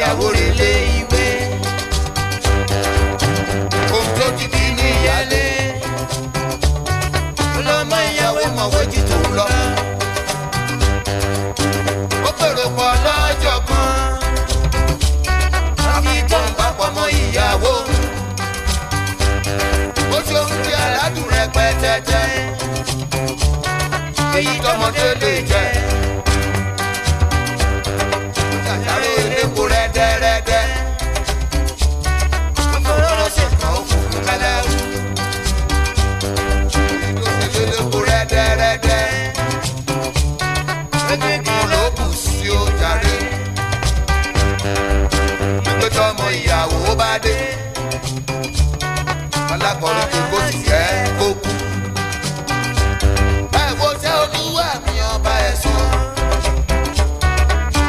ìyàwó rẹ̀ lé ìwé. Òun tó ti kí ní ìyálé. Ọlọ́mọ ìyàwó mọ̀wé ti tòun lọ. Ó pèrò pọ̀ lọ́jọ́ kan. Wọ́n fi ìbọn papọ̀ mọ́ ìyàwó. Ó ṣe oúnjẹ aládùn rẹpẹtẹtẹ. Èyí tọmọdé lè jẹ. akọrin kí kó sì jẹ́ kó kú. ẹ wo ṣé olúwa mi ọba ẹ̀ sọ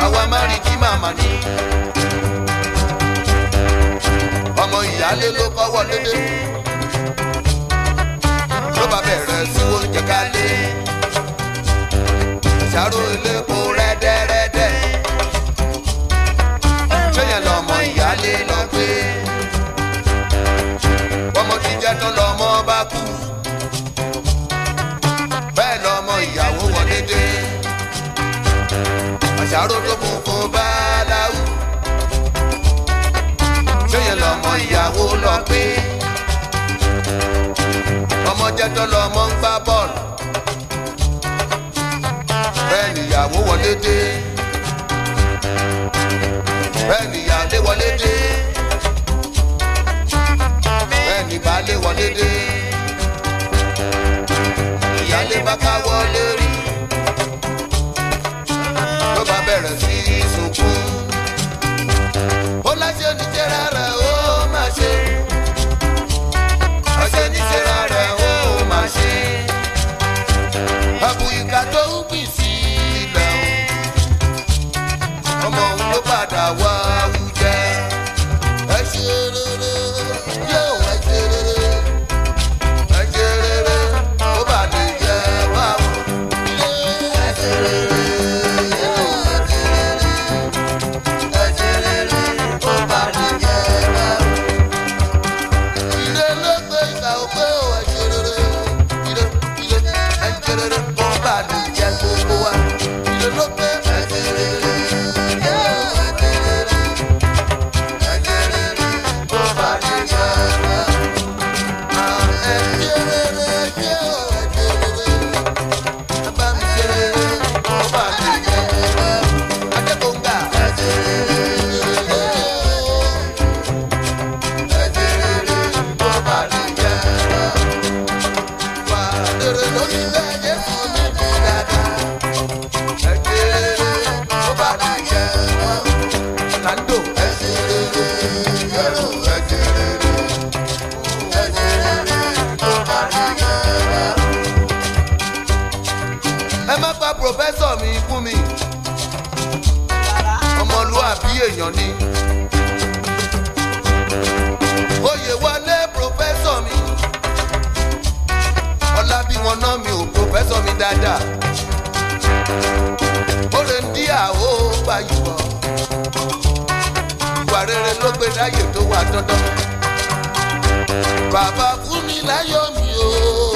àwa má rí kí màmá ní. ọmọ ìyáálé ló kọ́ wọlé dé ló bá bẹ̀rẹ̀ sí oúnjẹ ká lé ṣàrò elépo rẹ́dẹ́rẹ́dẹ́ ṣé yẹn lọ́mọ ìyáálé lọ gbé jẹ́ tó lọ́mọ bá kú bẹ́ẹ̀ lọ́mọ ìyàwó wọlé dé àṣàrò tó kún fún báláwù ṣóyè lọ́mọ ìyàwó lọ pé ọmọ jẹ́ lọ́mọ ń gbá bọ́ọ̀lù bẹ́ẹ̀ nìyàwó wọlé dé bẹ́ẹ̀ ni. ìyálé wọlé dé ìyálé bá ká wọlé rí. àwọn mi ò professor mi dada, Oore ń dí àwọ̀ báyìíwọ̀. Ìwà rere ló gbé láyè tó wà dandan. Bàbá fún mi láyọ̀ mi ooo.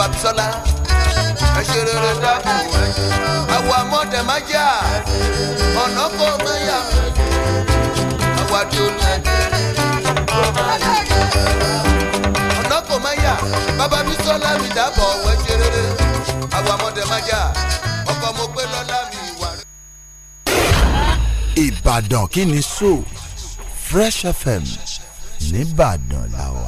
Babisola ẹ ṣe rere dákun àwọ̀ àmọ́tẹ̀ má jà ọ̀nà kò má yà àwọ̀ àdìolú ọ̀nà kò má yà Babisola mi dábọ̀ ẹ ṣe rere àwọ̀ àmọ́tẹ̀ má ọkọ mo pé lọ́lá mi ìwà Ìbàdàn kí ni so Fresh FM nìbàdàn la wà.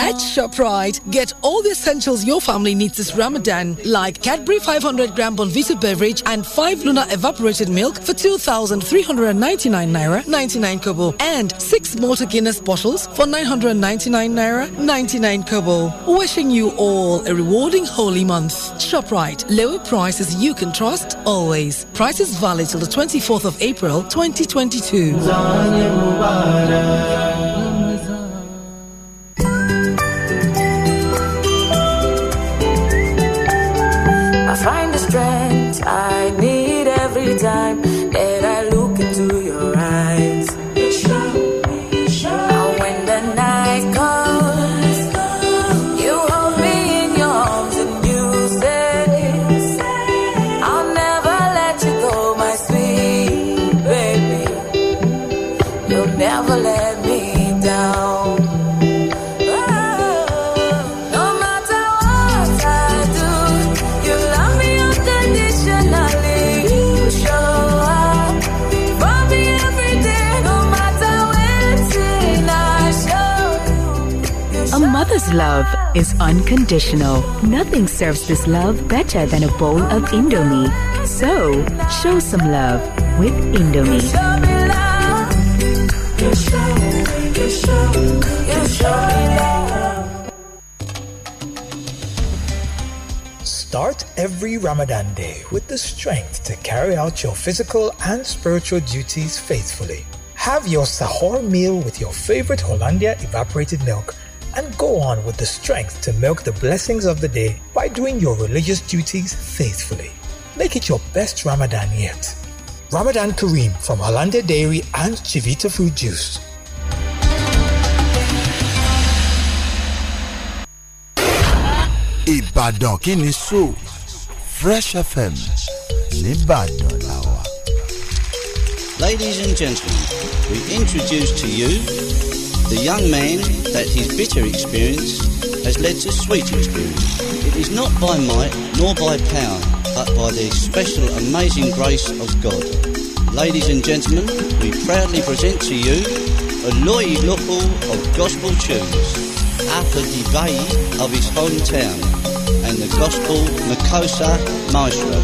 At ShopRite, get all the essentials your family needs this Ramadan, like Cadbury 500 gram Bonvita beverage and 5 Luna evaporated milk for 2,399 naira 99 kobo, and 6 Motor Guinness bottles for 999 naira 99 kobo. Wishing you all a rewarding holy month. ShopRite, lower prices you can trust always. Prices valid till the 24th of April 2022. love is unconditional. Nothing serves this love better than a bowl of Indomie. So, show some love with Indomie. Start every Ramadan day with the strength to carry out your physical and spiritual duties faithfully. Have your sahur meal with your favorite Hollandia evaporated milk and go on with the strength to milk the blessings of the day by doing your religious duties faithfully. Make it your best Ramadan yet. Ramadan Kareem from Hollanda Dairy and Chivita Fruit Juice. Ìbàdàn kí so Fresh FM nìbàdàn Ladies and gentlemen, we introduce to you the young man, that his bitter experience, has led to sweet experience. It is not by might nor by power, but by the special amazing grace of God. Ladies and gentlemen, we proudly present to you a loyal local of gospel tunes after the bay of his hometown and the gospel Makosa Maestro.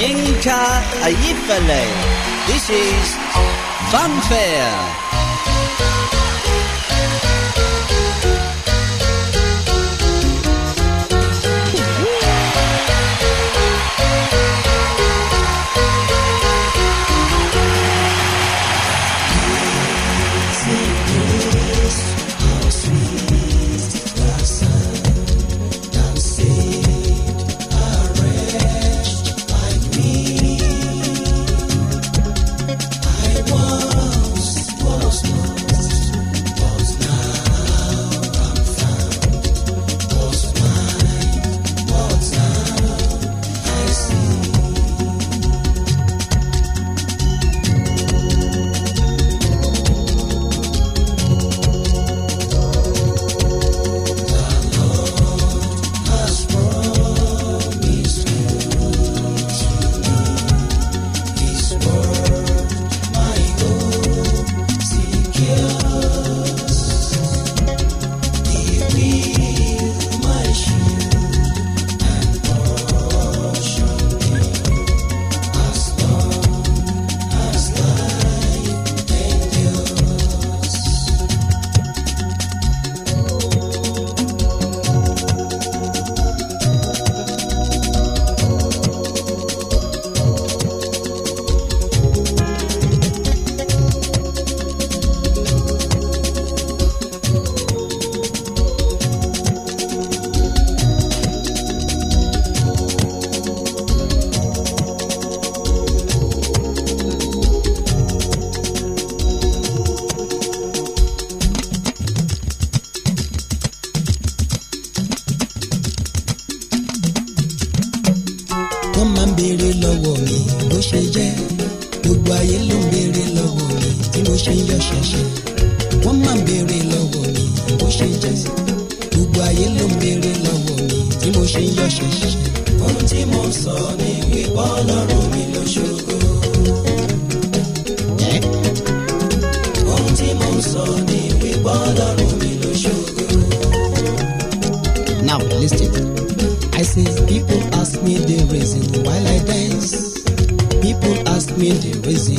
Yinka Ayifale. This is Funfair.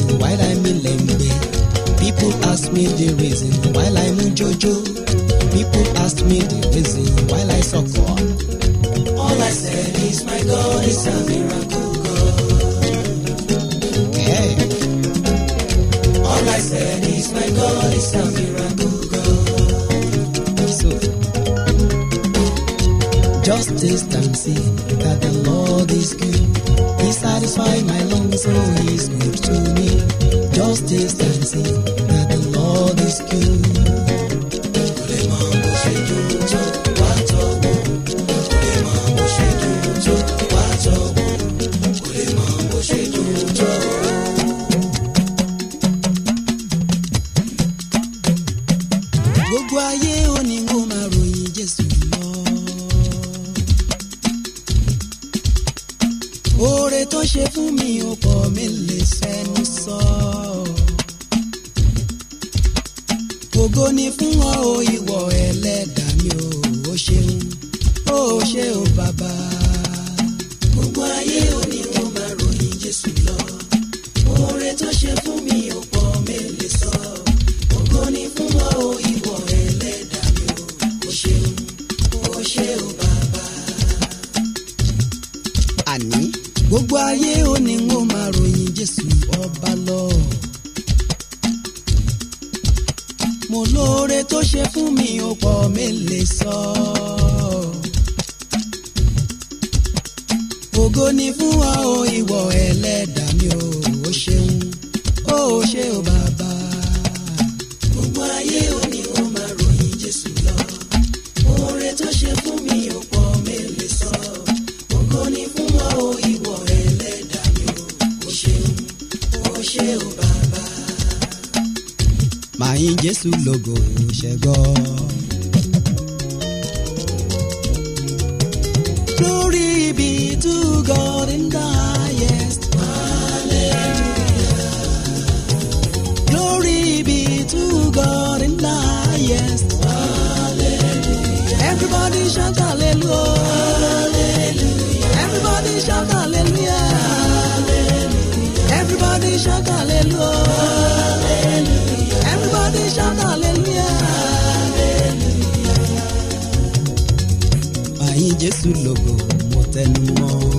While why I'm in Lembe. People ask me the reason why I'm in Jojo. People ask me the reason why I suffer. All I said is my God is a miracle God. Hey. All I said is my God is a miracle God. So, just taste see that the Lord is good satisfy my longing, so he's good to me. Just this and that the Lord is good. yín Jésù lógo ṣẹgbọ́. Glory be to God in the highest. Hallelujah. Glory be to God in the highest. Hallelujah. Everybody shout hallelujah. hallelujah. jésù lògo mo tẹnu mọ́.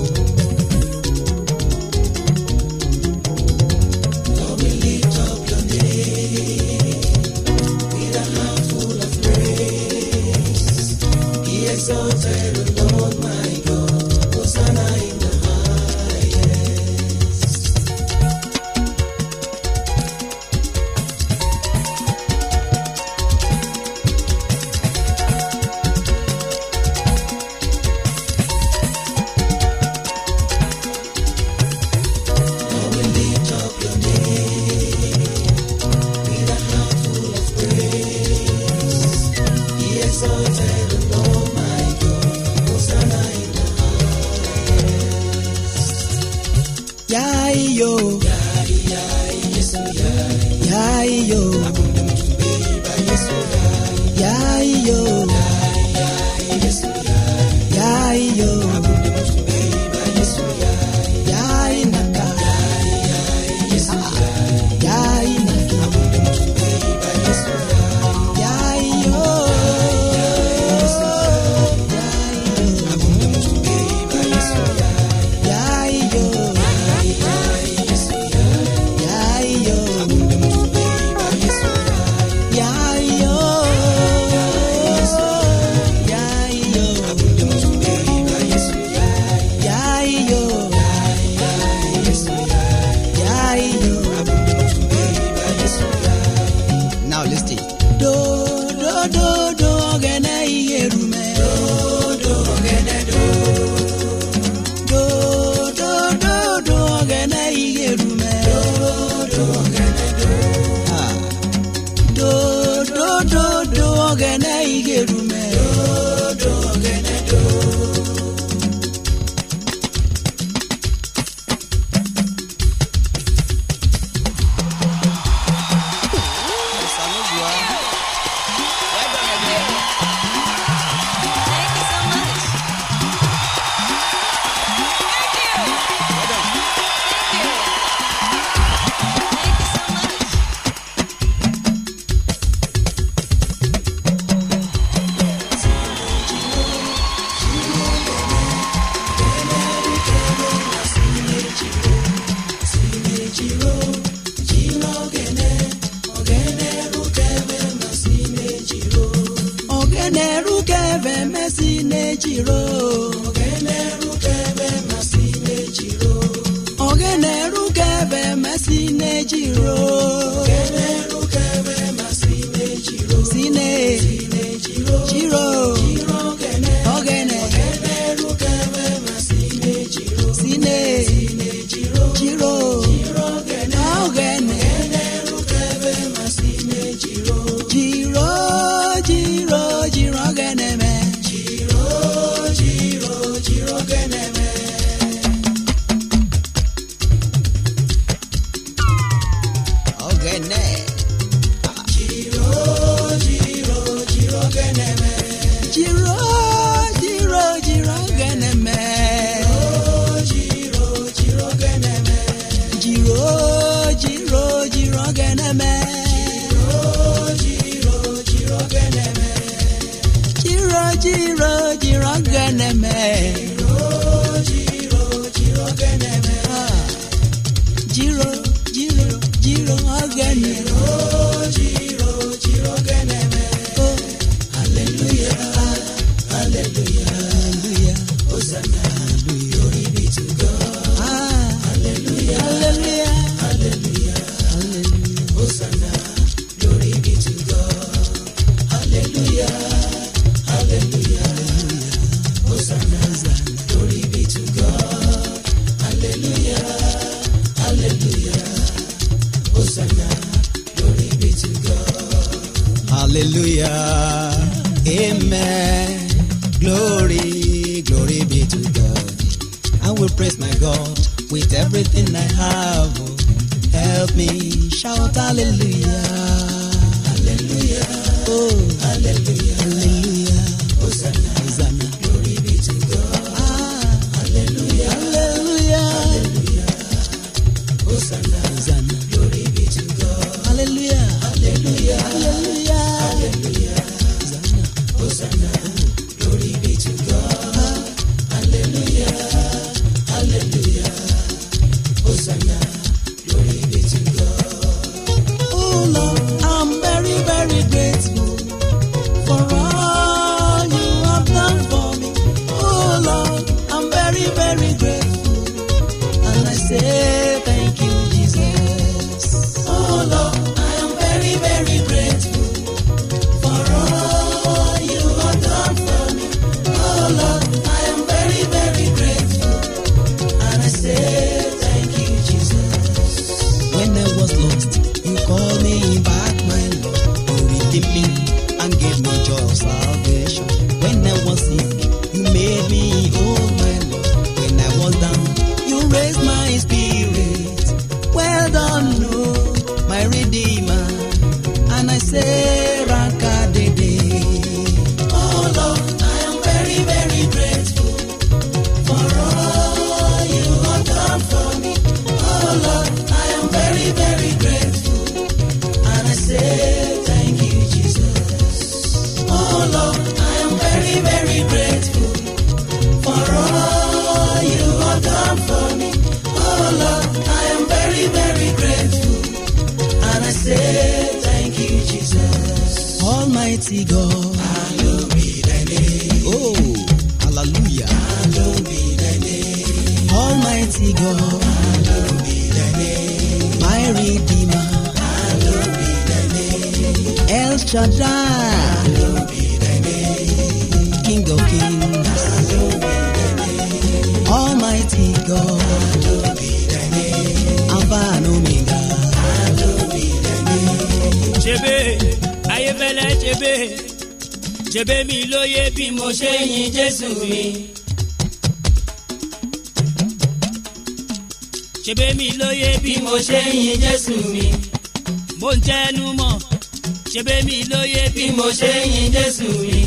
Jebe, jebe mi lóye bí mo ṣe yin Jésù mi. ṣebé mi lóye bí mo ṣe yin Jésù mi. mo ń tẹnu mọ́ ṣebé mi lóye bí mo ṣe yin Jésù mi.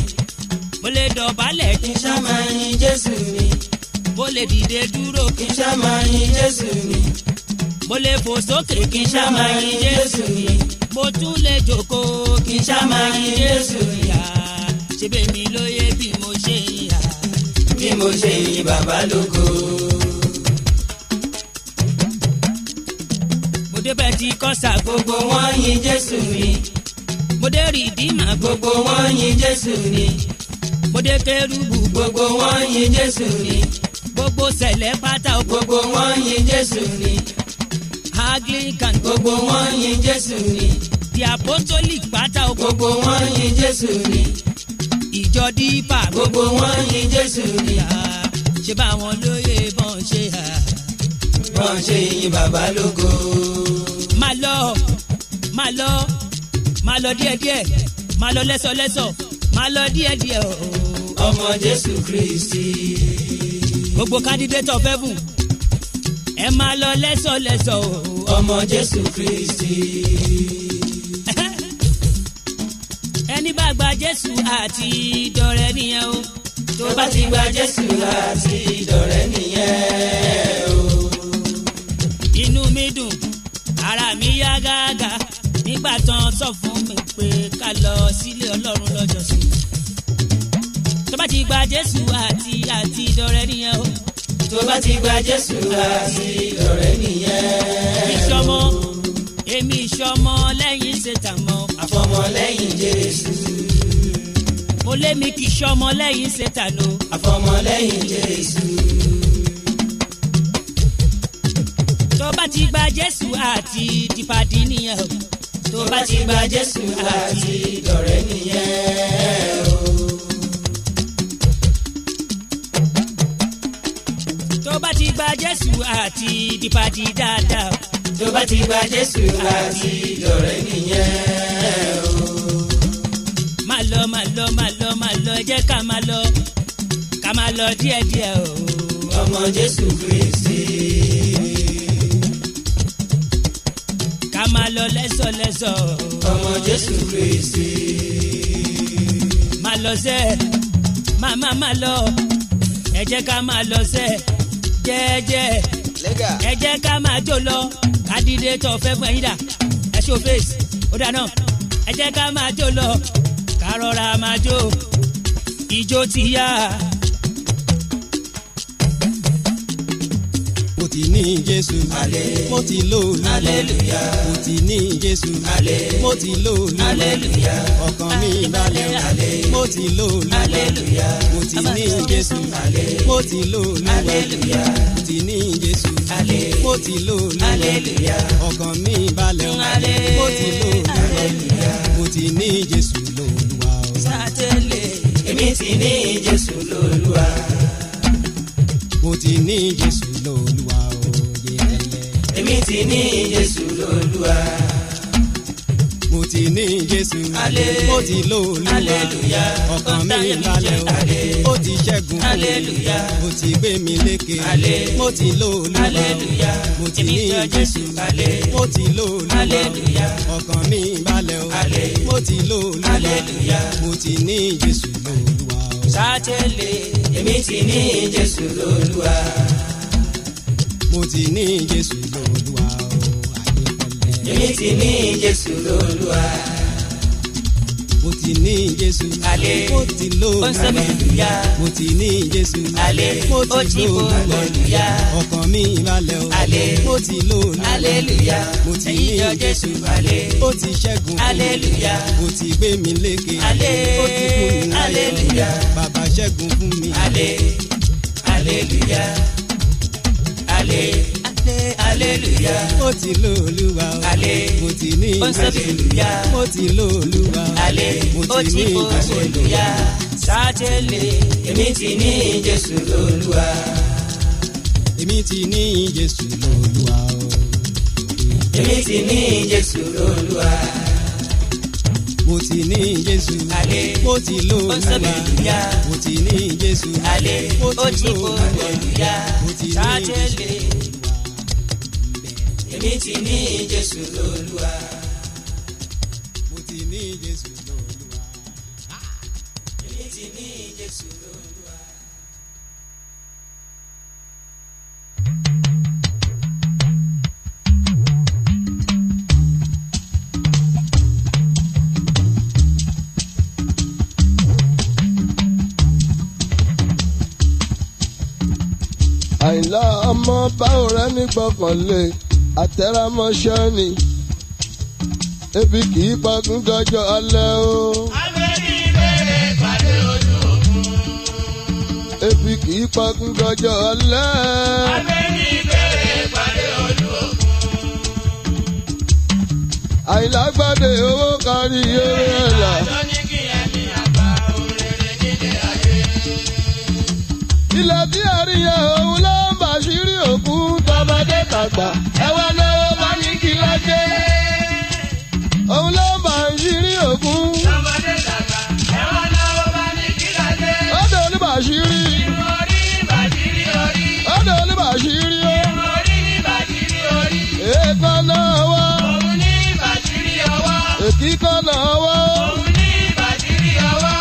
mo lè dọ̀bálẹ̀ kí n ṣá máa yin Jésù mi. mo lè dìde dúró kí n ṣá máa yin Jésù mi. mo lè fò sókè kí n ṣá máa yin Jésù mi mo tún lè jókòó kí n ṣá máa yin Jésù ìyá ṣebí mi ló yẹ bí mo ṣe ìyá. bí mo ṣe yin bàbá lógo. mo dé pẹ́ntikọ́sà gbogbo wọn yin Jésù ni. mo dé rìdíìmà gbogbo wọn yin Jésù ni. mo dé kérúbù gbogbo wọn yin Jésù ni. gbogbo sẹ̀lẹ̀ pátá gbogbo wọn yin Jésù ni anglican gbogbo wọn yin jésù ni. di apostolic pátá o gbogbo wọn yin jésù ni. ìjọ dípà gbogbo wọn yin jésù ni. ṣé báwọn lóye bọ́n ṣe hà. bọ́n ṣe yin bàbá lógo. má lọ má lọ má lọ díẹ̀díẹ̀ má lọ lẹ́sọ̀lẹ́sọ̀ má lọ díẹ̀díẹ̀ o. ọmọ jésù kristi. gbogbo candidate of heaven ẹ máa lọ lẹ́sọ̀lẹ́sọ̀ o ọmọ jésù kristi. ẹni bá gba jésù àti dọ̀rẹ́ nìyẹn o. tó bá ti gba jésù àti dọ̀rẹ́ nìyẹn o. inú mi dùn ara mi yá gágá nígbà tán sọ fún mi pé ká lọ sílé ọlọ́run lọ́jọ́sìn. tó bá ti gba jésù àti àti dọ̀rẹ́ nìyẹn o tó bá ti gba jésù àti ọ̀rẹ́ nìyẹn. ìṣọmọ èmi ìṣọmọ lẹ́yìn ṣètàmọ́. àfọmọ lẹ́yìn jésù. mo lé mi kì í ṣọmọ lẹ́yìn ṣètànù. àfọmọ lẹ́yìn jésù. tó bá ti gba jésù àti dìpàdé nìyẹn tó bá ti gba jésù àti dọ̀rẹ́ nìyẹn bá ti gba Jésù àti dìpàdì dáadáa. tó bá ti gba Jésù àti dọ̀rẹ́ nìyẹn o. má lọ má lọ má lọ má lọ jẹ́ ká má lọ ká má lọ díẹ̀díẹ̀ o. ọmọ Jésù Kristi. ká má lọ lẹ́sọ̀lẹ́sọ̀. ọmọ Jésù Kristi. má lọ sẹ́ẹ̀ má má má lọ ẹ jẹ́ ká má lọ sẹ́ẹ̀ jẹ́jẹ́ ẹ jẹ́ ká máa jó lọ kádìdé tó fẹ́ fún ẹ̀yìn dà ẹ ṣó face ó dáná ẹ jẹ́ ká máa jó lọ ká máa jó ijó ti yá. mo ti ní Jésù mo ti lólùwà mo ti ní Jésù mo ti lólùwà ọkàn mi balẹ̀ mo ti lólùwà mo ti ní Jésù mo ti lólùwà mo ti ní Jésù mo ti lólùwà ọkàn mi balẹ̀ mo ti lólùwà mo ti ní Jésù lólùwà. sátẹ́lẹ̀ èmi ti ní Jésù lólùwà mo ti ní Jésù lò èmi ti ní Jésù lólúwa mo ti ní Jésù ó ti lólúwa ọkàn mi balẹ̀ o ó ti ṣẹ́gun ó ti gbé mi lékè mo ti lólúwa mo ti ní Jésù ó ti lólúwa ọkàn mi balẹ̀ o mo ti lólúwa mo ti ní Jésù lólúwa. sátẹ̀lẹ̀ èmi ti ní Jésù lólúwa mo ti ní Jésù olúwa o ayé pẹ̀lẹ́. èmi ti ní jésù lólúwa. mo ti ní jésù. Ale mo ti lò ó hallelúyà. mo ti ní jésù. Ale mo ti lò Aleluya hallelúyà. ọkàn mi balẹ̀ o. alẹ́ mo ti lò ó hallelúyà. mo ti ní jésù. Ale ó ti ṣẹ́gun. hallelúyà. ó ti gbé mi lékè. Ale ó ti kú mi láyọ̀. hallelúyà. bàbá ṣẹ́gun fún mi. Ale hallelujah hallelujah aleluya. mo ti lo olúwa o. ale mo ti ní ìgbàgbọ́. aleluya. mo ti lo olúwa o. ale mo ti ní ìgbàgbọ́. aleluya. sátẹ̀lẹ̀ èmi ti ní jésù lólúwa. èmi ti ní jésù lólúwa o. èmi ti ní jésù lólúwa mo ti ní jésù. alẹ́ mo ti lo olúwa mo ti ní jésù. alẹ́ mo ti lo olúwa mo ti ní jésù èmi ti ní Jésù lólúwa. mo ti ní Jésù lólúwa. èmi ti ní Jésù lólúwa. àìlá ọmọ bá ọ̀rẹ́ ní àtẹ̀rámọ́ṣẹ́ ni ebi kì í pagún dọjọ́ alẹ́ o. abẹ́bí bẹ̀rẹ̀ pàdé ojú òkun. ebi kì í pagún dọjọ́ alẹ́. abẹ́bí bẹ̀rẹ̀ pàdé ojú òkun. àìlágbádé owó kárí eré ẹ̀là. ilẹ̀ tí a òun lọ àgbà ẹ wá lọ́wọ́ bá ní kí lọ́dẹ. òun ló bá ń ṣírí ògún. ọmọdé dàgbà ẹ wá lọ́wọ́ bá ní kí lọ́dẹ. ó dé oníbàṣírí. ìwọ orí ìbàṣírí orí. ó dé oníbàṣírí o. ìwọ orí ìbàṣírí orí. èèkó náà wá. òun ní ìbàṣírí ọwọ́. èkìkọ náà wá. òun ní ìbàṣírí ọwọ́.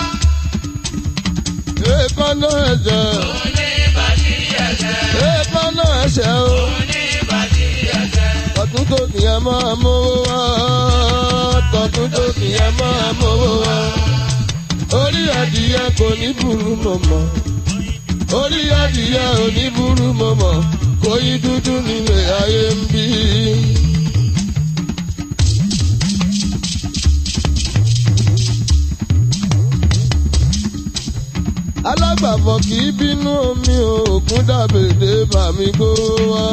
èèkó tọ̀tún tó sì yẹn máa mówó wá tọ̀tún tó sì yẹn máa mówó wá orí adìyẹ kò ní burú mọ̀mọ́ orí adìyẹ ò ní burú mọ̀mọ́ kò yí dúdú nílé ayé ń bí. alágbàfọ̀ kì í bínú omi òògùn dàbèdè bàmí gbówó wá.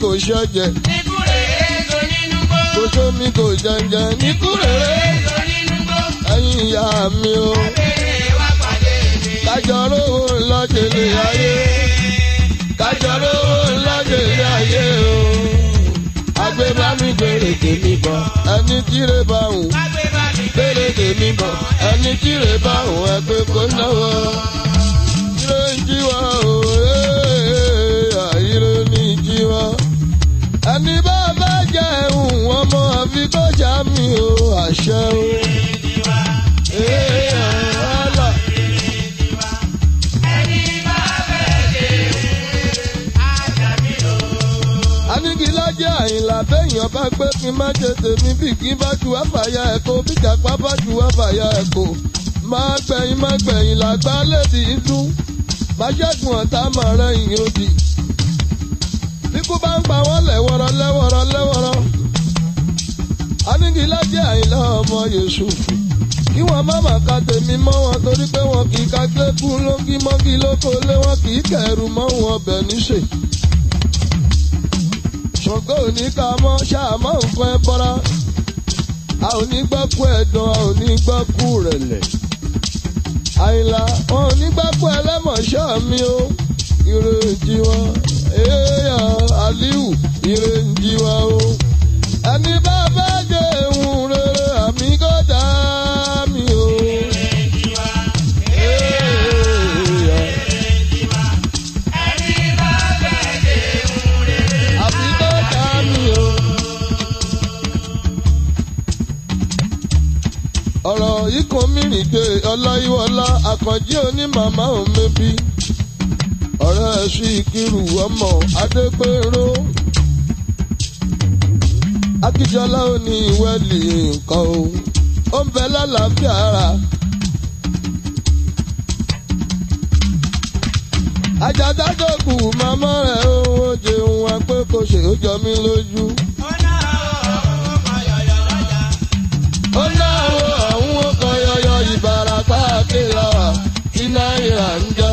kò ṣọ́jẹ. Ikú rèrè èso nínú gbó. Kò sómi kò jẹjẹ. Ikú rèrè èso nínú gbó. Ẹ̀yin ìyá mi o. Abèrè wá pàdé mi. Kájọ rówó lọ́jẹ̀lẹ̀ ayé. Kájọ rówó lọ́jẹ̀lẹ̀ ayé o. Agbe bá mi gbèrè tèmi bọ̀. Ẹni tí re bá wù. Agbe bá mi gbèrè tèmi bọ̀. Ẹni tí re bá wù ẹgbẹ́ kó náwó. Ire ń jí wa o. Ire ń jí wa. kọjá mi o àṣẹ o. anígilájẹ àyìnlá bẹ́yàn bá gbé kí n má ṣe tèmi bí kí n bá ju àfàyà ẹ̀kọ́ bí jàpá bá ju àfàyà ẹ̀kọ́ máa gbẹ̀yìn máa gbẹ̀yìn làgbá létí ìlú máa ṣẹ́gun ọ̀tá máa rẹ̀ ìyìn bí kú bá ń pa wọ́n lẹ́wọ̀rọ̀ lẹ́wọ̀rọ̀ lẹ́wọ̀rọ̀ anigilajẹ àìlá ọmọ Yusufu kí wọn má má ka tèmi mọ́ wọn torí pé wọn kì í ka kílẹ̀kùn lógímọ́gí lóko lé wọn kì í kẹrù mọ́ wọn ọbẹ̀ níṣe. Ṣàngó òní ká mọ́ ṣáàmọ́ nǹkan ẹ bọ́ra a ò ní gbọ́ kú a ò ní gbọ́ rẹ̀lẹ̀. àyìnlá wọn ò ní gbọ́ kú mi o ìrèjì wọn èèyàn Aliu ìrèjì wọn o ẹni bá bẹ́ẹ̀. ikùn mìíràn gbé ọláyíwọlá àkànjí oní màmá òmẹbí ọ̀rẹ́ sí ìkírù ọmọ adégbèrò akíjọlá ò ní ìwẹ́lì nǹkan o ó ń bẹ lálàáfíà ara. àjàdá tó kù màmá rẹ̀ ó ń jẹun apẹ́ kò ṣe ó jọ mí lójú. náírà ń jọ.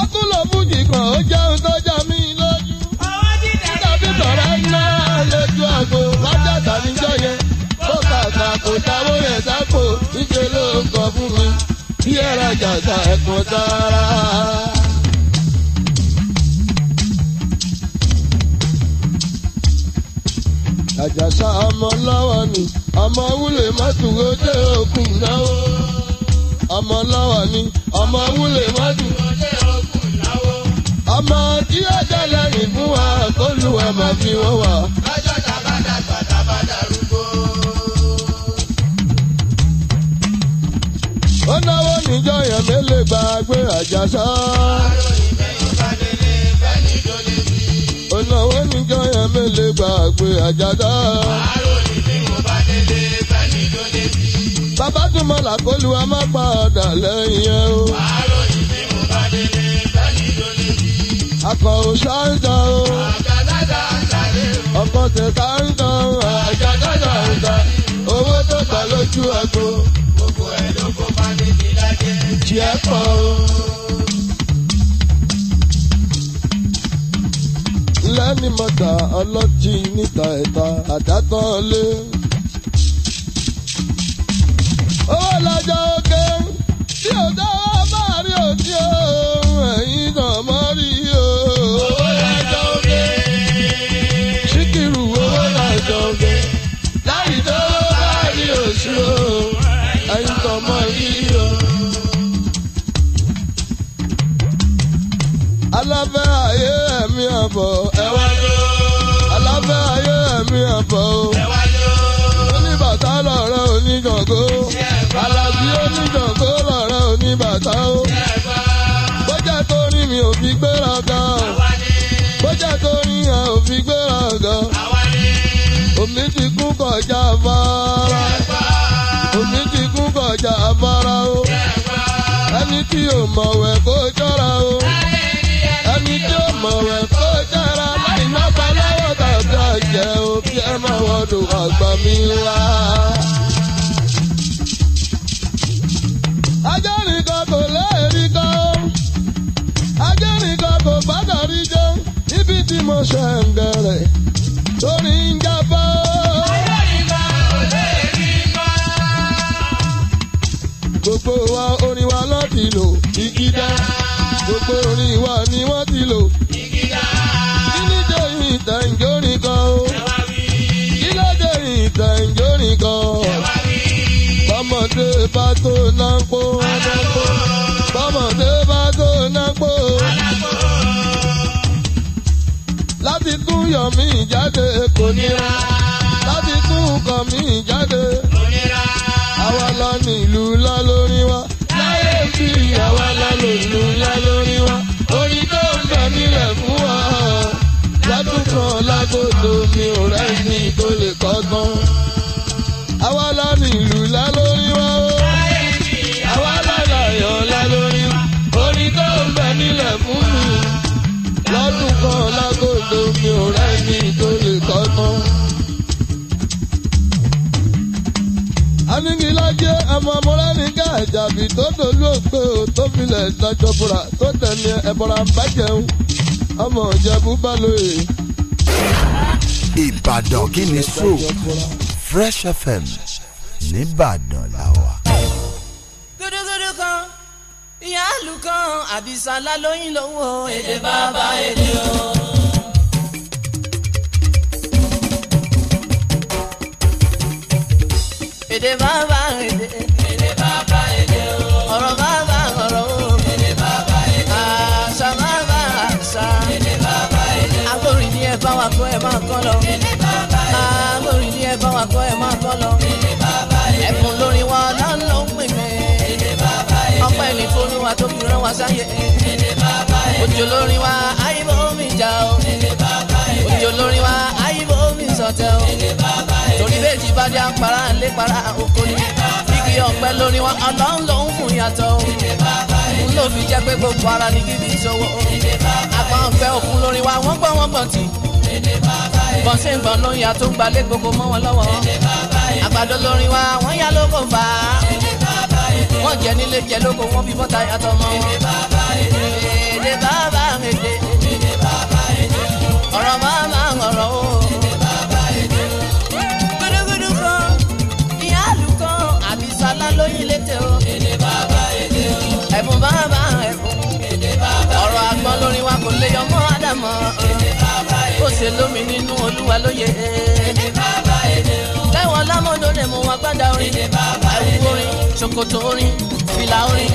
ó tún lọ fújì kan ó jẹun tó já mi lójú. owó dídá tàbí sọ̀rọ̀ iná lójú àgbo lọ́jọ́ tàbí jọyẹ. ó kàkà kò yẹn sápò níṣẹ́ ló ń kọ fún mi. yẹ́ra jàdá ẹ̀kan sára. àjàṣà ọmọ lọ́wọ́ mi ọmọ wúlò mọ́tòwó dé òkun náwó. ọmọ lọ́wọ́ ni ọmọ wúlò mọ́tòwó dé òkun náwó. ọmọ tí ó jẹ́ lẹ́yìn fún wa kó lù wá máa fi wọ́n wá. lọ́jọ́ tàbá dàgbà tàbá ó náwó níjọ yẹn mélòó gba gbé àjàsá. àròyìn mẹ́yìn bá délé bẹ́ẹ̀ ni tó lè fi. ó náwó níjọ yẹn mélòó gba gbé àjàsá. àròyìn. bàbá tún mọ làkólú a má pa ọ̀dà lẹ́yìn ẹ o. àárọ̀ yìí ni mo bá délé bẹ́ẹ̀ni ló lè bí. akọ ò ṣáńtà o. àgàdàdà ń sáré o. ọkọ tẹ sáńtà o. owó tó ta lójú àgbo. gbogbo ẹ̀ ló kó bá délé lájẹ́. jẹ́ pọ̀ o. lẹ́ni mọ̀tà ọlọ́tí níta ẹ̀ta àdátọ́ lé. ọ̀fọ̀. ẹ wá jó. aláfẹ́ ayé ẹ̀mí ọ̀fọ̀ o. ẹ wá jó. oníbàtà lọ̀rẹ́ oníjàngó. alábí oníjàngó lọ̀rẹ́ oníbàtà o. bó jẹ́ torí mi ò fi gbéra gan. bó jẹ́ torí a ò fi gbéra o omi ti kún kọjá afárá. omi ti kún kọjá afárá o. ẹni tí ò mọ̀wẹ̀ kó jọra o. ẹni tí ò mọ̀wẹ̀ jẹ́ o kí ẹ má wọ́dọ̀ àgbà mi wá. ajẹ́rìí kan kò léèrí kan ajẹ́rìí kan kò gbọ́dọ̀ rí jẹ́ ibi tí mo ṣe ń bẹ̀rẹ̀ torí ń jábọ́. gbogbo wa orin wa lọ́ọ́ ti lò ìgídá gbogbo orin wa ni wọ́n ti lò. bọ́mọdé bá tó lápò. bọ́mọdé bá tó àwa la ní ìlú ńlá lórí wa. la lò ìlú ńlá lórí wa. orin tó ń bẹ nílẹ̀ fún wa. látúkọ̀ lágòdò mi ò rẹ́ ní tó lè kọ́ gan. àwa la ní ìlú ńlá ọdún kan lágòdò mi ò rẹ́ni tó dolú ògbé o tó filẹ̀ dájọ́ bọ̀rà tó tẹ̀lé ẹ̀bọ̀rà ń ọmọ ìjẹ̀bú bá lóye. Ìbàdàn kí ni so Fresh FM nìbàdàn làwọn. ìlú kan àbísà lálóyún lówó èdè bàbá èdè o. ede, bàbá èdè. ede, bàbá èdè o. ọ̀rọ̀ baba ọ̀rọ̀ o. èdè bàbá ede o. àṣà bàbá àṣà. èdè bàbá èdè o. agbórin ni ẹ bá wa kọ́ ẹ máa kọ́ lọ. èdè bàbá èdè o. agbórin ni ẹ bá wa kọ́ ẹ máa kọ́ lọ. èdè wa tó fi rán wa sáyé. Èdè bàbá ẹ̀. Òjò lórin wa àyíbó mi jà o. Èdè bàbá ẹ̀. Òjò lórin wa àyíbó mi sọ̀tẹ̀ o. Èdè bàbá ẹ̀. Torí bèjì bá dé àpárá lé para oko ni. Igi ọ̀pẹ lórin wa ọlọ́run ló ń fún yàtọ̀ o. Èdè bàbá ẹ̀. N ló fi jẹ́ pé gbogbo ara ní kíbi ìṣòwò o. òkun lórin wa wọ́n gbọ́ wọ́n gbọ́ tì. Èdè Bọ̀nsẹ̀ ń gbọ́n lóyún àtúngbà lé gbogbo mọ́ wọn lọ́wọ́. Àgbàdo lórin wa wọ́n yá lóko fà á wọ́n jẹ nílé jẹ lóko wọ́n fi bọ́ta àtọmọ. èdè bàbá èdè èdè bàbá èdè èdè bàbá èdè ọ̀rọ̀ màmá ọ̀rọ̀ o. èdè bàbá èdè. gúdúgúdú kan ìyá àlù kan àbísálá létè o. èdè bàbá èdè o. ẹ̀bùn bàbá ẹ̀bùn. èdè bàbá èdè. ọ̀rọ̀ àgbọn lórí wa kò lè yọmọ ádámọ̀. èdè bàbá èdè. ó ṣe lómi nínú olúwa lóye. èdè bàbá èdè dẹ̀ mọ̀ wá gbádà orin ẹ̀wù orin ṣòkòtò orin fìlà orin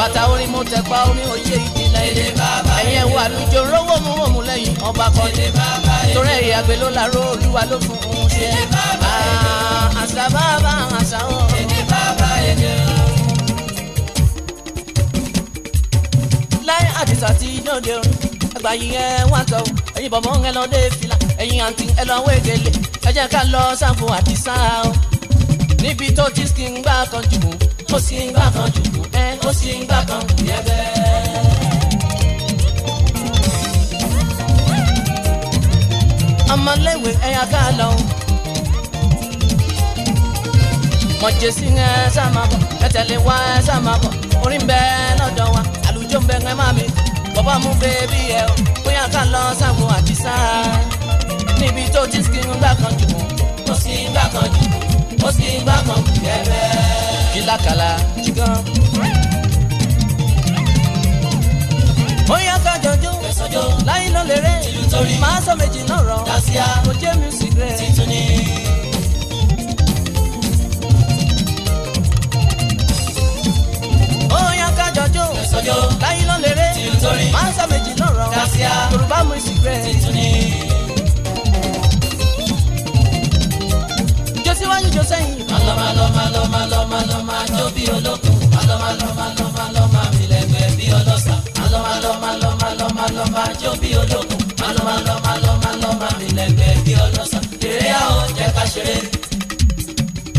bàtà orin mo tẹ̀pa orin òye ìdílé ẹ̀yẹ wo àlùjọ rówó mú wòmù lẹ́yìn ọba kan torí ẹ̀yẹ àgbẹ̀ ló laró olúwa ló fún un ṣe ah, àṣà bàbá àṣà wọn. láì àdìsá ti dóde o àgbà yìí ẹ wá sọ ẹ̀yin bọ̀bọ̀ ń lọ dé fìlà ẹ̀yin àǹtí ẹ lọ wé gèlè ẹ jẹ́ ká lọ sáfù àti sáà o níbi tó ti kí n gbà kan jù mú ó sì ń gbà kan jù mú ẹ ó sì ń gbà kan jù yẹ bẹ́ẹ̀. ọmọléèwé ẹ̀yà ká lọ o mọ̀jẹ̀ sí ẹ sáàmà bọ̀ ẹ tẹ̀lé wá ẹ sáàmà bọ̀ orí ń bẹ lọ́dọ̀ wa àlùjọ ń bẹ ẹ má mi bàbá mú bèbí ẹ o bóyá ká lọ sáwọn àti sáà níbi tó ti skin gbàkan jù mo skin gbàkan jù mo skin gbàkan jù gẹ́gẹ́. kìlákàlà ṣùgbọ́n. bóyá kájọ jó fẹsọjọ láyé ló lérè ìlú máa sọ méjì náà rọ dásíá jẹ́ music rẹ títún ní. bóyá kájọ Malo malo malo malo malo máa lọ Malo malo malo malo malo lọ máa Malo malo malo malo malo máa mi Malo malo malo malo malo máa lọ máa lọ máa lọ máa lọ máa jó Malo malo malo malo malo lọ máa Malo malo malo malo malo lẹ́gbẹ̀ẹ́ bí Malo malo malo malo malo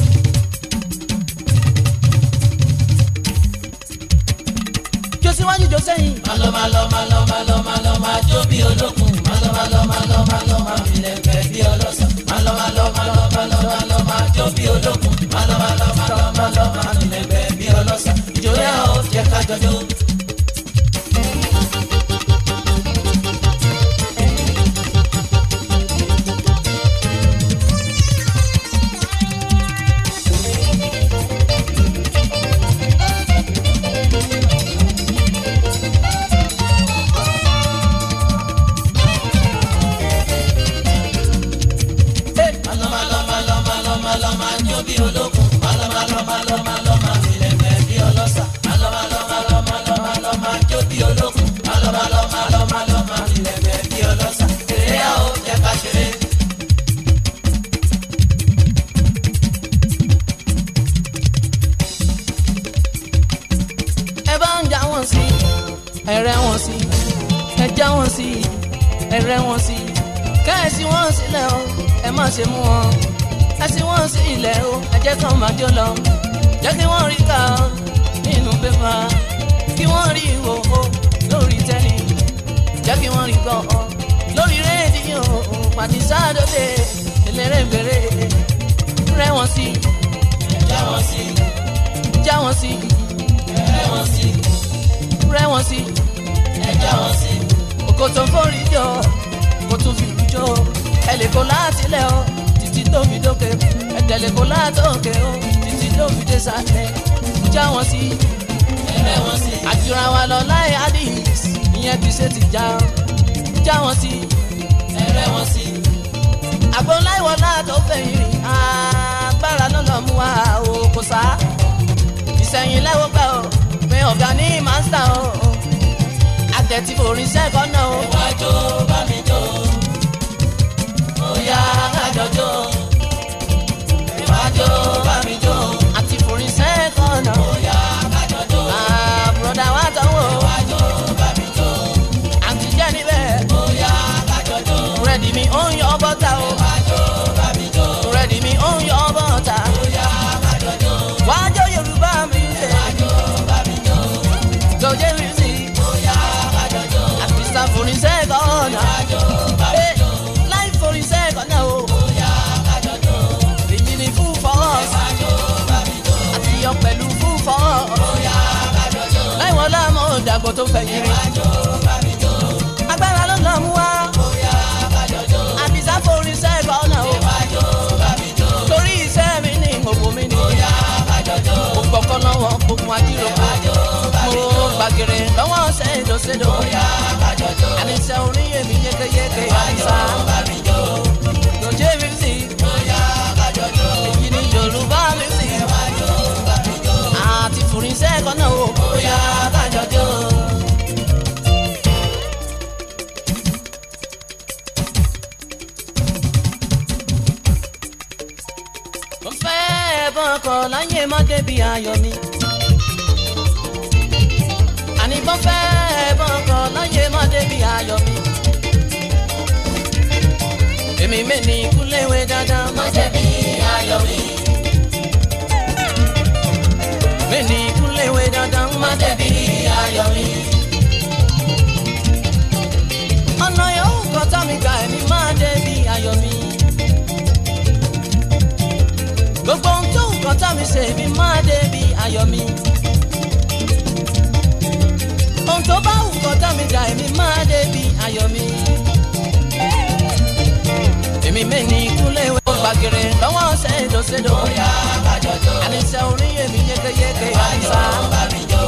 ṣeré. síwájú jò sẹ́yìn. Màlọ́ màlọ́ màlọ́ màlọ́ màlọ́ máa jó bí olókun. Màlọ́ màlọ́ màlọ́ màlọ́ máa fi lẹ́fẹ̀ẹ́ bí ọlọ́sàn. Màlọ́ màlọ́ màlọ́ màlọ́ màlọ́ máa jó bí olókun balabala balabala balẹ̀ bẹ́ẹ̀ bí ọlọ́sà ìjòyà ó ṣe mú wọn sẹ́sí wọn sí ilẹ̀ o ẹ jẹ́ kán máa jó lọ jẹ́ kí wọ́n rí ká nínú pépà kí wọ́n rí ìhòòhò lórí tẹ́ni jẹ́ kí wọ́n rí gan ọ lórí rédíò pàtí sáàdọ́dẹ eléré bèrè rẹ́ wọn sí já wọn sí já wọn sí rẹ́ wọn sí rẹ́ wọn sí ẹ já wọn sí òkòtò fórí jọ kò tún jọ ẹ lè kó látilẹ̀ o títí tó fi dókè ẹ tẹ̀lé kó látòkè o títí tó fi dé sàlẹ̀ ìjà wọn sí ẹgbẹ́ wọn sí àjùra wa lọ láì adìs ìyẹn ti ṣe ti já o ìjà wọn sí ẹgbẹ́ wọn sí. àgbọn láìwọ náà tó fẹ̀yìn rìn agbára náà lọ mú wa o sá ìsẹ̀yìn lẹ́wọ́ pẹ́ o pé ọ̀gá ní màsítà o àtẹ̀tí forin sẹ́kọ̀ọ́ náà o. ẹ wá jó yá kájọjọ́ ìwájú bá mi jó. àti forin sẹ́kọ̀ọ́ náà. ó yá kájọjọ́. àbùrọ̀dá wa tọ́wọ́. ìwájú bá mi jó. àǹtí jẹ́ níbẹ̀. ó yá kájọjọ́. rẹ̀dì mi tó fẹ̀ yiri. ìrìnàjò bá mi jó. agbára ló nà mú wá. bóyá bàjọ́jọ́. àbísà forí náà o. ìrìnàjò bá mi jó. torí iṣẹ́ mi ni òwò mi ni. bóyá bàjọ́jọ́. mo gbọ́kọ́ lọ́wọ́ gbogbo àdìrò. ìrìnàjò bá mi jó. mo gbàgìrì lọ́wọ́ ṣèdòṣèdò. bóyá bàjọ́jọ́. àníṣe oríyè mi yékéyéké. ìrìnàjò bá mi jó. lòjé mi sì. bóyá bàjọ́jọ́. èyí Yorùbá mi sì. àti forí sẹ́ẹ̀kọ́ náà o. bí ayọ̀ mi. àníbọ̀n fẹ́ ẹ̀bọ̀n kan láyé má dé bí ayọ̀ mi. èmi mẹ́ni kúléwé dáadáa má jẹ́ bí ayọ̀ mi. mẹ́ni kúléwé dáadáa má jẹ́ bí ayọ̀ mi. tọ́ mi ṣe mi máa débi bi mi. ohun tó bá wù kọ́ tọ́ mi dà èmi máa débi ayọ̀ mi. èmi mẹ́ni kúnlẹ̀ wẹ́ gbàgede lọ́wọ́ ṣèdòṣèdò. bóyá bàjọ́ jọ. àníṣe orí èmi yékéyéké àníṣe. báyọ̀ bá mi jọ.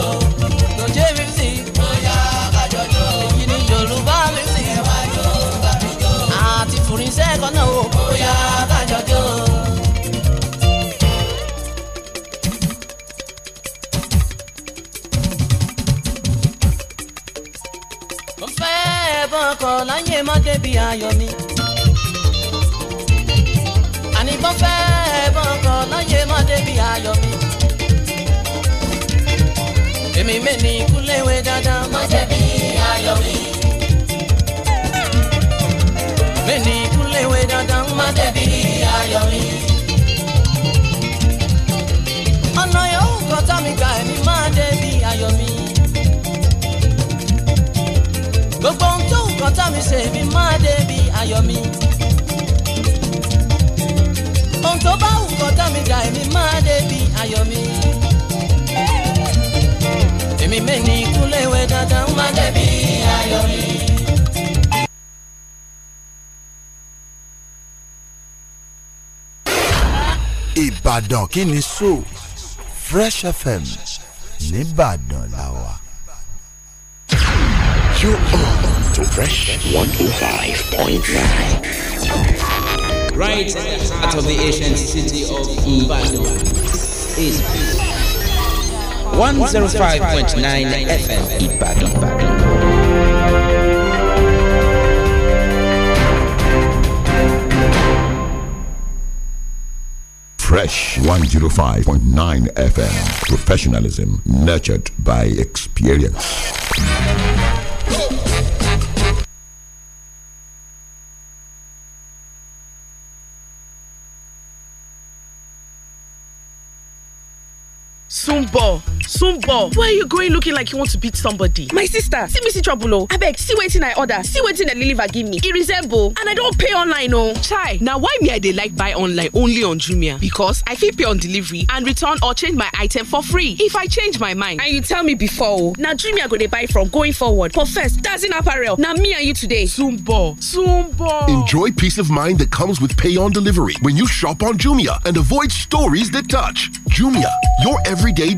bí ayọ̀ mi. àníbọ́n fẹ́ ẹ̀bọ̀n kan lọ́yẹ̀ má dé bí ayọ̀ mi. èmi mẹ́ni kúléwé dáadáa má jẹ́ bí ayọ̀ mi. mẹ́ni kúléwé dáadáa má bí ayọ̀ mi. ọ̀nà yòówù kọ́tà mi gbà ẹ̀mí má bí ayọ̀ mi. gbogbo ohun tó nǹkan tá mi ṣe mi máa débi ayọ̀ mi. ohun tó bá wù nǹkan tá mi dà èmi máa débi ayọ̀ mi. èmi mẹ́ni kúnléwé dandan máa débi ayọ̀ mi. Ìbàdàn kí ni so Fresh FM nìbàdàn làwà. You are to Fresh 105.9. Right out of the ancient city of Ibadan is 105.9 FM Ibadan. Fresh 105.9 FM. Professionalism nurtured by experience. Sumbo, Sumbo, where are you going looking like you want to beat somebody? My sister, see me see trouble oh. beg, see waiting I order, see waiting that deliver give me. It resemble, and I don't pay online oh. Chai, now why me I dey like buy online only on Jumia? Because I fit pay on delivery and return or change my item for free if I change my mind. And you tell me before oh. Now Jumia go to buy from going forward. For first, Dazin Apparel. Now me and you today. Sumbo, Sumbo. Enjoy peace of mind that comes with pay on delivery when you shop on Jumia and avoid stories that touch. Jumia, your everyday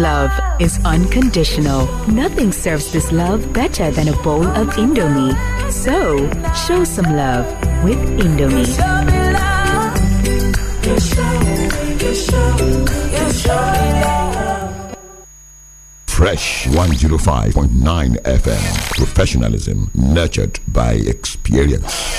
love is unconditional. Nothing serves this love better than a bowl of Indomie. So, show some love with Indomie. Fresh 105.9 FM. Professionalism nurtured by experience.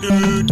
Dude.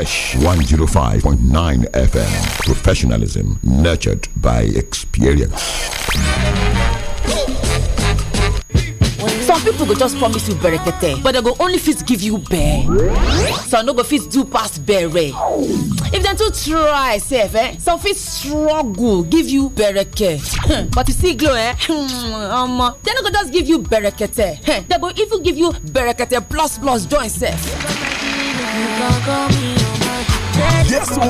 Fresh 105.9 FM. Professionalism nurtured by experience. Some people go just promise you berekete, but they go only fit give you bear. Some no go fit do past bere. If they too try safe, eh, some fit struggle give you bereke. Hmm, but you see glow eh, hmm, omo, they no go just give you berekete, They hmm, go even give you berekete plus plus join safe. Yes, so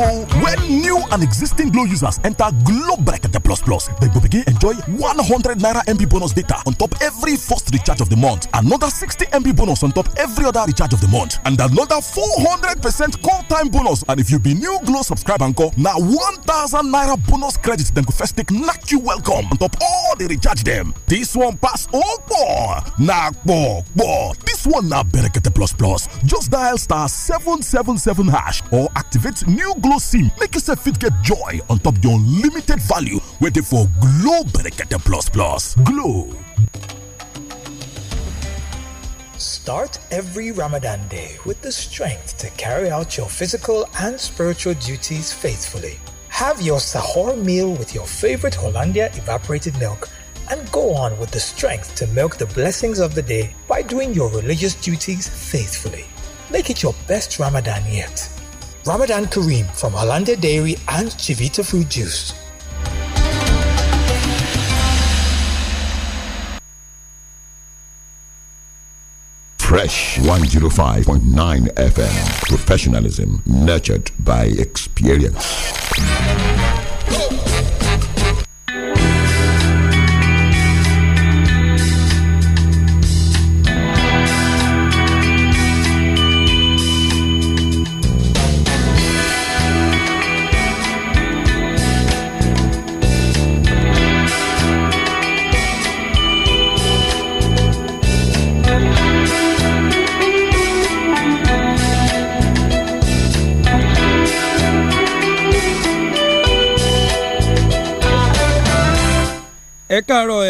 when new and existing Glow users enter Glow Bracket Plus Plus, they will begin enjoy 100 Naira MB bonus data on top every first recharge of the month, another 60 MB bonus on top every other recharge of the month, and another 400% call time bonus. And if you be new Glow subscriber and now 1000 Naira bonus credit then go first take knock you welcome on top all the recharge them. This one pass all four. Nah, four, four. This one now Bracket Plus Plus. Just dial star 777 hash or activate activate new Glow SIM, make yourself fit get joy on top your unlimited value. Waiting for Glow breaker plus Plus. Glow. Start every Ramadan day with the strength to carry out your physical and spiritual duties faithfully. Have your sahur meal with your favorite Hollandia evaporated milk and go on with the strength to milk the blessings of the day by doing your religious duties faithfully. Make it your best Ramadan yet. Ramadan Kareem from Alanda Dairy and Chivita Fruit Juice. Fresh 105.9 FM. Professionalism nurtured by experience.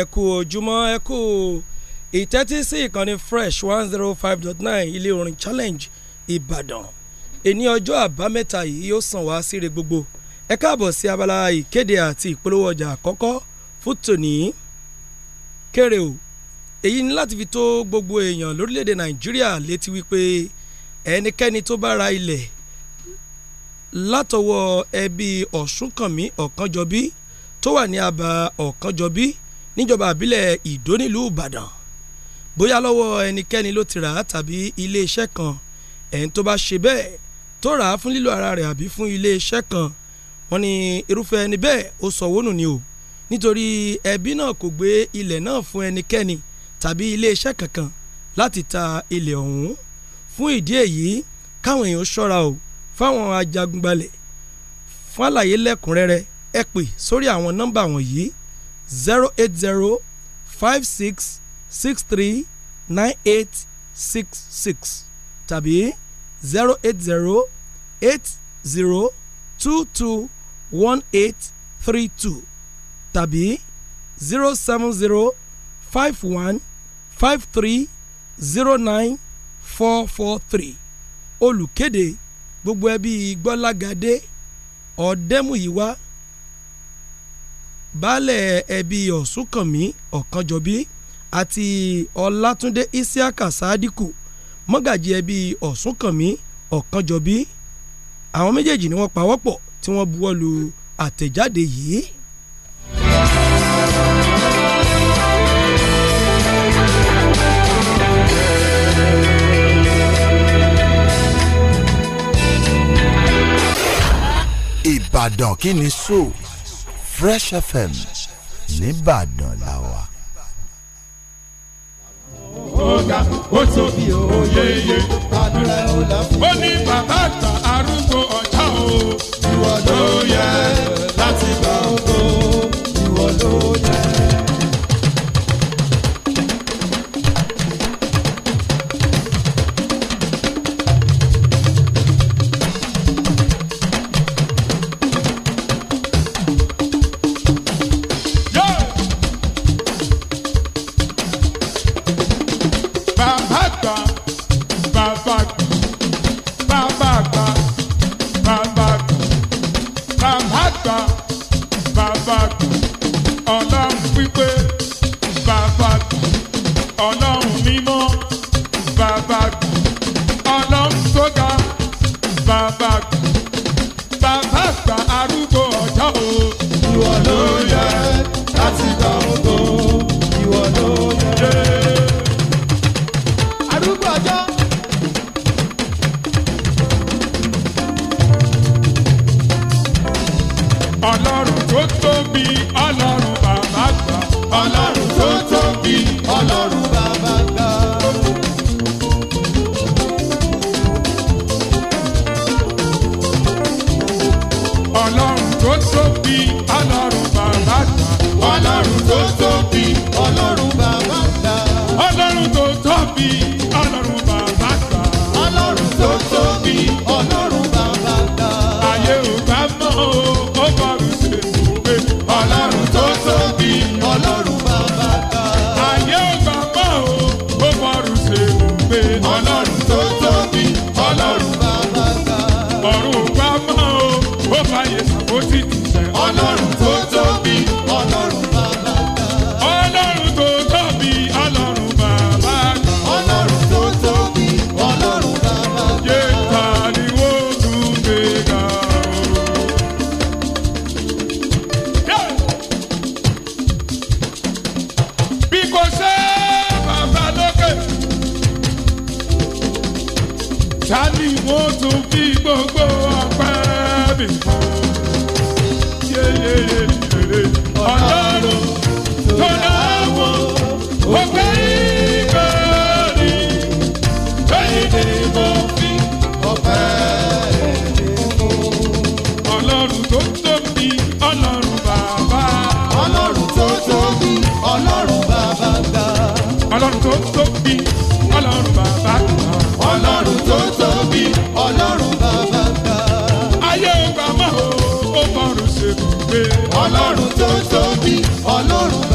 ẹ kú ojúmọ́ ẹ kú ìtẹ́tí sí ìkànnì fresh one zero five dot nine ilé orin challenge ìbàdàn èní ọjọ́ àbámẹ́ta yìí yóò sàn wá síre gbogbo ẹ káàbọ̀ sí abala ìkéde àti ìpolówó ọjà àkọ́kọ́ fún tòní kéré o èyí ni láti fi tó gbogbo èèyàn lórílẹ̀‐èdè nàìjíríà létí wípé ẹnikẹ́ni tó bá ra ilẹ̀ látọwọ́ ẹbí ọ̀ṣunkànmí ọ̀kánjọ́bí tó wà ní abà ọ̀kánjọ́bí níjọba àbílẹ̀ ìdó nílùú ìbàdàn bóyá lọ́wọ́ ẹnikẹ́ni ló ti rà á tàbí iléeṣẹ́ kan ẹ̀ń tó bá ṣe bẹ́ẹ̀ tó rà á fún lílo ara rẹ̀ àbí fún iléeṣẹ́ kan wọ́n ní irúfẹ́ ẹni bẹ́ẹ̀ ó sọ̀wọ́nù ni o nítorí ẹbí náà kò gbé ilẹ̀ náà fún ẹnikẹ́ni tàbí iléeṣẹ́ kankan láti ta ilẹ̀ ọ̀hún fún ìdí èyí káwọn èèyàn ṣọ́ra o fáwọn ajagunbalẹ̀ fún àlàyé lẹ́kùnrẹ́rẹ́ ẹ pè sórí àwọn nọ́mbà wọ̀nyí 0800 zero eight zero five six six three nine eight six six tàbí zero eight zero eight zero two two one eight three two tàbí zero seven zero five one five three zero nine four four three olùkéde gbogbo ẹbí gbọ́lágadé ọ̀dẹ́mùyíwá baálẹ̀ ẹbí ọ̀ṣunkànmí ọ̀kánjọ́bí àti ọlátúndé isiaka sadiku mọ́gàjì ẹbí ọ̀ṣunkànmí ọ̀kánjọ́bí àwọn méjèèjì ni wọ́n pawọ́pọ̀ tí wọ́n buwọ́ àtẹ̀jáde yìí. Ìbàdàn kí ni sóò Fresh FM nìbàdàn la wà. ọ̀gá ó tóbi òyeyè àdúrà ó là ó ní bàbá àgbà arúgbó ọjà o. ìwọ ló yẹ láti gbà ó ìwọ ló yẹ. bàbá àgbà bàbá àgbà arúgbó ọjọ́ o. ìwọ ló yẹ láti gbà. tó tóbi ọlọ́run bàbá kan. ọlọ́run tó tóbi ọlọ́run bàbá kan. ayé bàbá o ó fọrùn ṣègùn gbé. ọlọ́run tó tóbi ọlọ́run.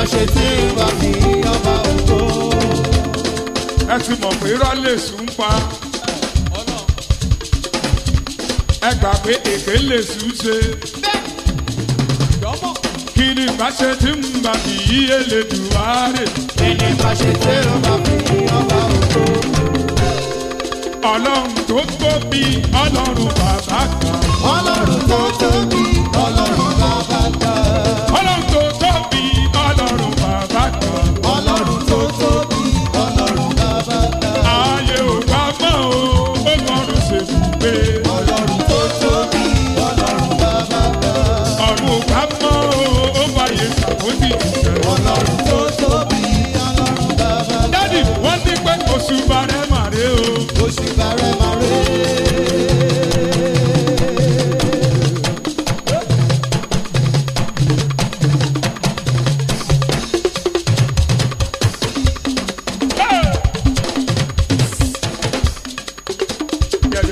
máa ṣe tí ìgbà ní ọba òjò. ẹ ti mọ̀ pé irọ́ lè pa. ẹ gbà pé èké lè sùn ṣe. kí ni bá ṣe tí ń gbà bí iye lè dùn kí ni bá ṣe tí ìgbà ní ọba òjò. ọlọ́run tó tóbi ọlọ́run bàbá kan. ọlọ́run tó tóbi ọlọ́run bàbá kan. ọlọ́run tó.